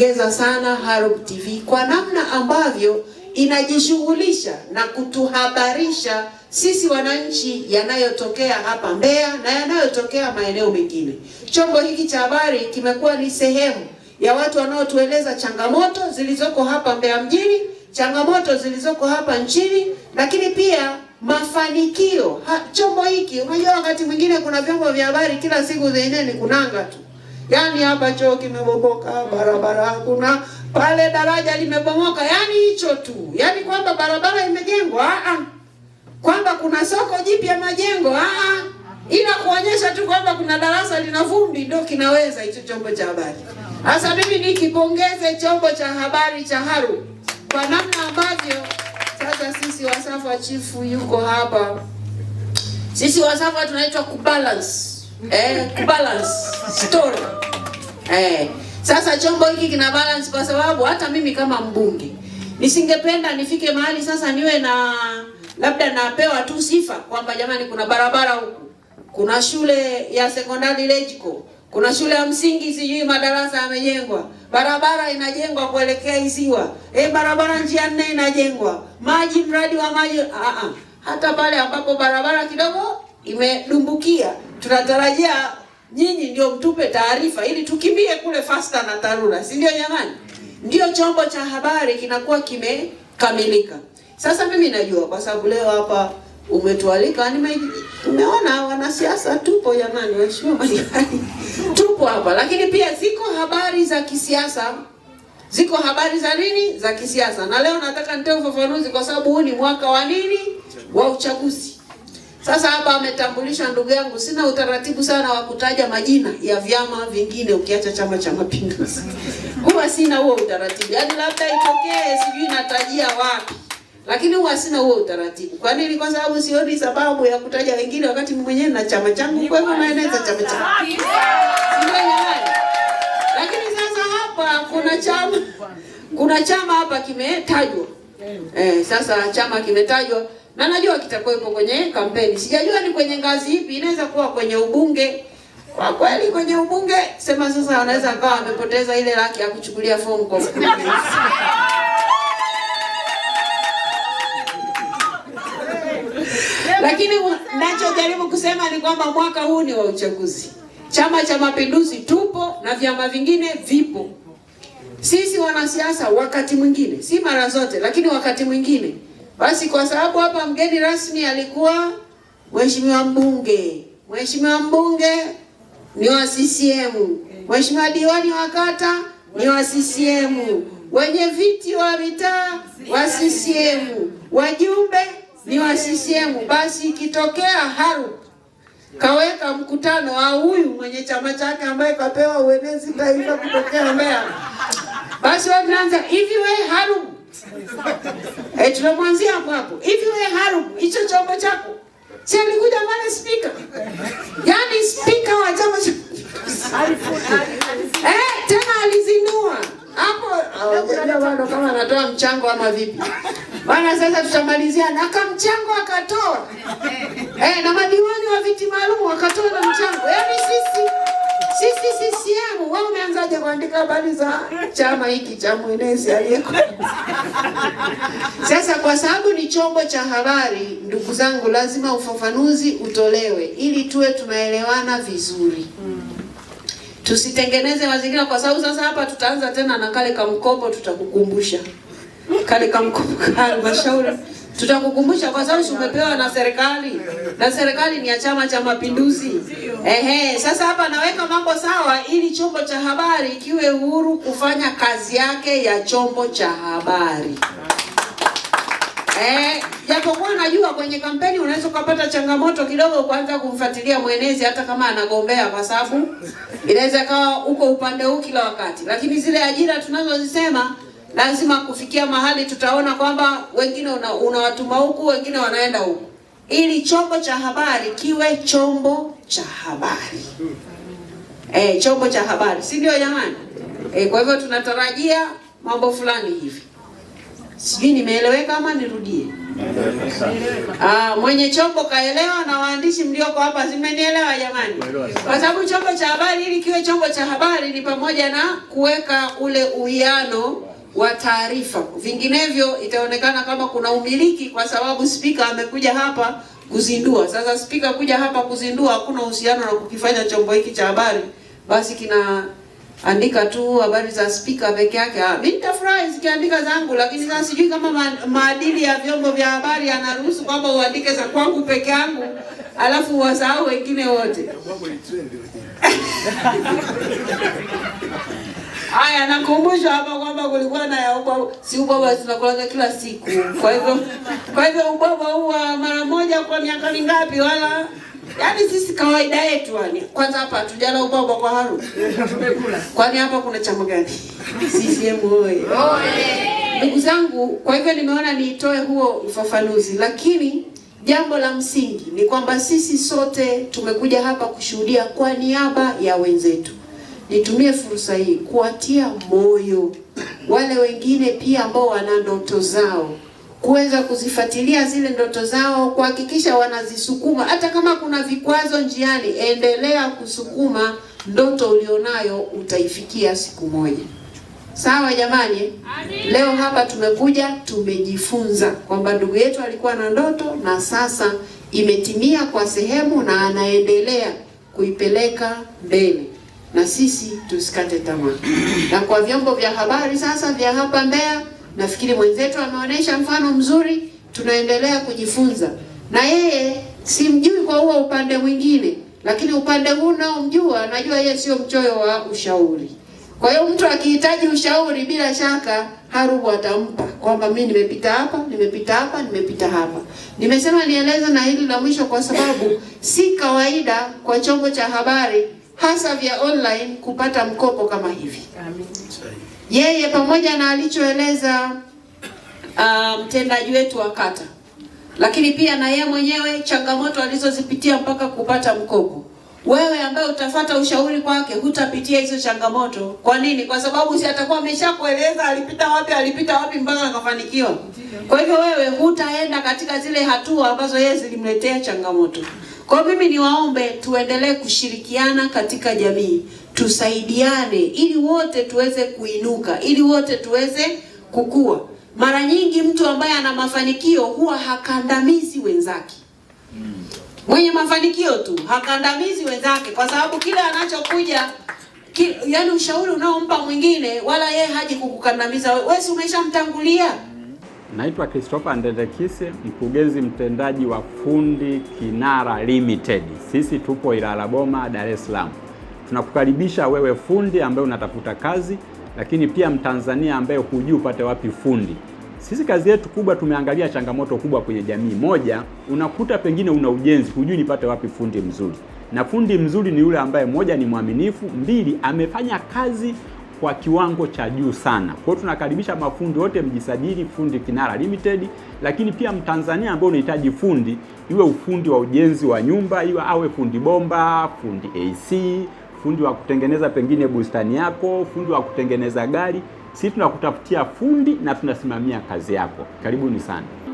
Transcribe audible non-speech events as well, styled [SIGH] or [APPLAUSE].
Geza sana Harub TV kwa namna ambavyo inajishughulisha na kutuhabarisha sisi wananchi yanayotokea hapa Mbeya na yanayotokea maeneo mengine. Chombo hiki cha habari kimekuwa ni sehemu ya watu wanaotueleza changamoto zilizoko hapa Mbeya mjini, changamoto zilizoko hapa nchini, lakini pia mafanikio ha. Chombo hiki unajua, wakati mwingine kuna vyombo vya habari kila siku zenyewe ni kunanga tu yani hapa choo kimebomoka, barabara hakuna, pale daraja limebomoka, yani hicho tu. yani kwamba barabara imejengwa a a, kwamba kuna soko jipya majengo a a, ila kuonyesha tu kwamba kuna darasa lina vumbi ndio kinaweza hicho chombo cha habari. Sasa mimi nikipongeze chombo cha habari cha Haru kwa namna ambavyo sasa sisi Wasafa, chifu yuko hapa, sisi Wasafa tunaitwa kubalance eh, kubalance story eh. Sasa chombo hiki kina balance kwa sababu hata mimi kama mbunge nisingependa nifike mahali sasa niwe na labda napewa tu sifa kwamba jamani, kuna barabara huku, kuna shule ya sekondari Lejiko, kuna shule ya msingi, sijui madarasa yamejengwa, barabara inajengwa kuelekea Iziwa, e, eh, barabara njia nne inajengwa, maji, mradi wa maji. Aa, ah, ah. hata pale ambapo barabara kidogo imedumbukia tunatarajia nyinyi ndio mtupe taarifa ili tukimbie kule fasta na TARURA, si ndio jamani? Ndio chombo cha habari kinakuwa kimekamilika. Sasa mimi najua kwa sababu leo hapa umetualika, umeona wanasiasa tupo jamani, waheshimiwa madiwani tupo hapa, lakini pia ziko habari za kisiasa, ziko habari za nini za kisiasa, na leo nataka nitoe ufafanuzi kwa sababu huu ni mwaka wa nini wa uchaguzi sasa hapa ametambulisha ndugu yangu, sina utaratibu sana wa kutaja majina ya vyama vingine ukiacha Chama cha Mapinduzi. Huwa sina huo utaratibu, yaani labda itokee sijui natajia wapi, lakini huwa sina huo utaratibu. Kwa nini? Kwa sababu sioni sababu ya kutaja wengine wakati mwenyewe na chama changu, kwa hivyo naeneza chama changu. Lakini sasa hapa kuna chama, kuna chama hapa kimetajwa eh, sasa chama kimetajwa na najua kitakuwepo kwenye kampeni. Sijajua ni kwenye ngazi ipi, inaweza kuwa kwenye ubunge. Kwa kweli kwenye ubunge sema sasa, anaweza akawa amepoteza ile laki ya kuchukulia fomu kwa lakini nachojaribu kusema ni kwamba mwaka huu ni wa uchaguzi. Chama cha Mapinduzi tupo na vyama vingine vipo. Sisi wanasiasa wakati mwingine, si mara zote, lakini wakati mwingine basi kwa sababu hapa mgeni rasmi alikuwa mheshimiwa mbunge, mheshimiwa mbunge ni wa CCM, mheshimiwa diwani wa kata ni wa CCM, wenye viti wa mitaa wa CCM, wajumbe ni wa CCM. Basi ikitokea haru kaweka mkutano wa huyu mwenye chama chake ambaye kapewa uenezi taifa kutokea Mbeya, basi wanaanza hivi, we harufu Eh, tunamwanzia hapo hapo. Hivi wewe Harub, hicho chombo chako si alikuja pale speaker. Yaani speaker wa chama cha Eh, tena alizinua. Hapo kuna bado kama anatoa mchango ama vipi? Bana sasa tutamalizia na kama mchango akatoa. Eh. eh, na madiwani wa viti maalum wakatoa na mchango. Yaani sisi sisi yangu wewe umeanzaje kuandika habari za chama hiki cha mwenezi aliyeko? Sasa kwa sababu ni chombo cha habari, ndugu zangu, lazima ufafanuzi utolewe ili tuwe tunaelewana vizuri Hmm. Tusitengeneze mazingira, kwa sababu sasa hapa tutaanza tena na kale kamkopo, tutakukumbusha kale kamkopo ka halmashauri tutakukumbusha kwa sababu umepewa na serikali na serikali ni ya Chama cha Mapinduzi. Ehe, sasa hapa naweka mambo sawa ili chombo cha habari ikiwe uhuru kufanya kazi yake ya chombo cha habari. Eh, japokuwa najua kwenye kampeni unaweza ukapata changamoto kidogo kuanza kumfuatilia mwenezi hata kama anagombea, kwa sababu inaweza kawa uko upande huu kila wakati, lakini zile ajira tunazozisema lazima kufikia mahali tutaona kwamba wengine unawatuma una huku, wengine wanaenda huku, ili chombo cha habari kiwe chombo cha habari e, chombo cha habari, si ndio jamani? E, kwa hivyo tunatarajia mambo fulani hivi. Sijui nimeeleweka ama nirudie? Ah, mwenye chombo kaelewa, na waandishi mlioko hapa zimenielewa jamani, kwa sababu chombo cha habari ili kiwe chombo cha habari ni pamoja na kuweka ule uwiano wa taarifa, vinginevyo itaonekana kama kuna umiliki, kwa sababu spika amekuja hapa kuzindua. Sasa spika kuja hapa kuzindua hakuna uhusiano na kukifanya chombo hiki cha habari, basi kinaandika tu habari za spika peke yake. Ah, mimi nitafurahi zikiandika zangu, lakini sasa sijui kama ma maadili ya vyombo vya habari yanaruhusu kwamba uandike za kwangu peke yangu alafu wasahau wengine wote [LAUGHS] Haya, nakumbusha hapa kwamba kulikuwa na ya ubwabwa, si ubwabwa tunakulaga kila siku. Kwa hivyo kwa hivyo ubwabwa huwa mara moja kwa miaka mingapi? Wala yaani sisi kawaida yetu yani. Kwanza hapa tujala ubwabwa kwa haru. Tumekula. Kwani hapa kuna chama gani? Sisi [LAUGHS] CCM oye. Ndugu zangu, kwa hivyo nimeona niitoe huo ufafanuzi, lakini jambo la msingi ni kwamba sisi sote tumekuja hapa kushuhudia kwa niaba ya wenzetu nitumie fursa hii kuwatia moyo wale wengine pia ambao wana ndoto zao kuweza kuzifuatilia zile ndoto zao, kuhakikisha wanazisukuma, hata kama kuna vikwazo njiani, endelea kusukuma ndoto ulionayo, utaifikia siku moja. Sawa jamani, leo hapa tumekuja tumejifunza kwamba ndugu yetu alikuwa na ndoto na sasa imetimia kwa sehemu, na anaendelea kuipeleka mbele na sisi tusikate tamaa. Na kwa vyombo vya habari sasa vya hapa Mbeya, nafikiri mwenzetu ameonyesha mfano mzuri, tunaendelea kujifunza na yeye. Simjui kwa huo upande mwingine, lakini upande huu nao mjua, najua yeye sio mchoyo wa ushauri. Kwa hiyo mtu akihitaji ushauri, bila shaka Harubu atampa kwamba mimi nimepita hapa, nimepita hapa, nimepita hapa. Nimesema nieleze na hili la mwisho, kwa sababu si kawaida kwa chombo cha habari hasa vya online kupata mkopo kama hivi. Amen. Yeye pamoja na alichoeleza ah, mtendaji wetu wa kata, lakini pia na yeye mwenyewe changamoto alizozipitia mpaka kupata mkopo wewe ambaye utafata ushauri kwake hutapitia hizo changamoto. Kwa nini? Kwa sababu si atakuwa ameshakueleza alipita wapi, alipita wapi mpaka akafanikiwa. Kwa hivyo wewe hutaenda katika zile hatua ambazo yeye zilimletea changamoto. Kwa mimi niwaombe tuendelee kushirikiana katika jamii, tusaidiane ili wote tuweze kuinuka, ili wote tuweze kukua. Mara nyingi mtu ambaye ana mafanikio huwa hakandamizi wenzake. Mwenye mafanikio tu hakandamizi wenzake, kwa sababu kile anachokuja ki, yaani ushauri unaompa mwingine, wala yeye haji kukukandamiza wewe, si umeshamtangulia. Naitwa Christopher Ndendekise, mkurugenzi mtendaji wa Fundi Kinara Limited. Sisi tupo Ilala Boma, Dar es Salaam. Tunakukaribisha wewe fundi ambaye unatafuta kazi, lakini pia Mtanzania ambaye hujui upate wapi fundi. Sisi kazi yetu kubwa, tumeangalia changamoto kubwa kwenye jamii. Moja, unakuta pengine una ujenzi, hujui nipate wapi fundi mzuri, na fundi mzuri ni yule ambaye, moja, ni mwaminifu; mbili, amefanya kazi kwa kiwango cha juu sana. Kwa hiyo tunakaribisha mafundi wote mjisajili Fundi Kinara Limited, lakini pia Mtanzania ambaye unahitaji fundi, iwe ufundi wa ujenzi wa nyumba, iwe awe fundi bomba, fundi AC, fundi wa kutengeneza pengine bustani yako, fundi wa kutengeneza gari, sisi tunakutafutia fundi na tunasimamia kazi yako. Karibuni sana.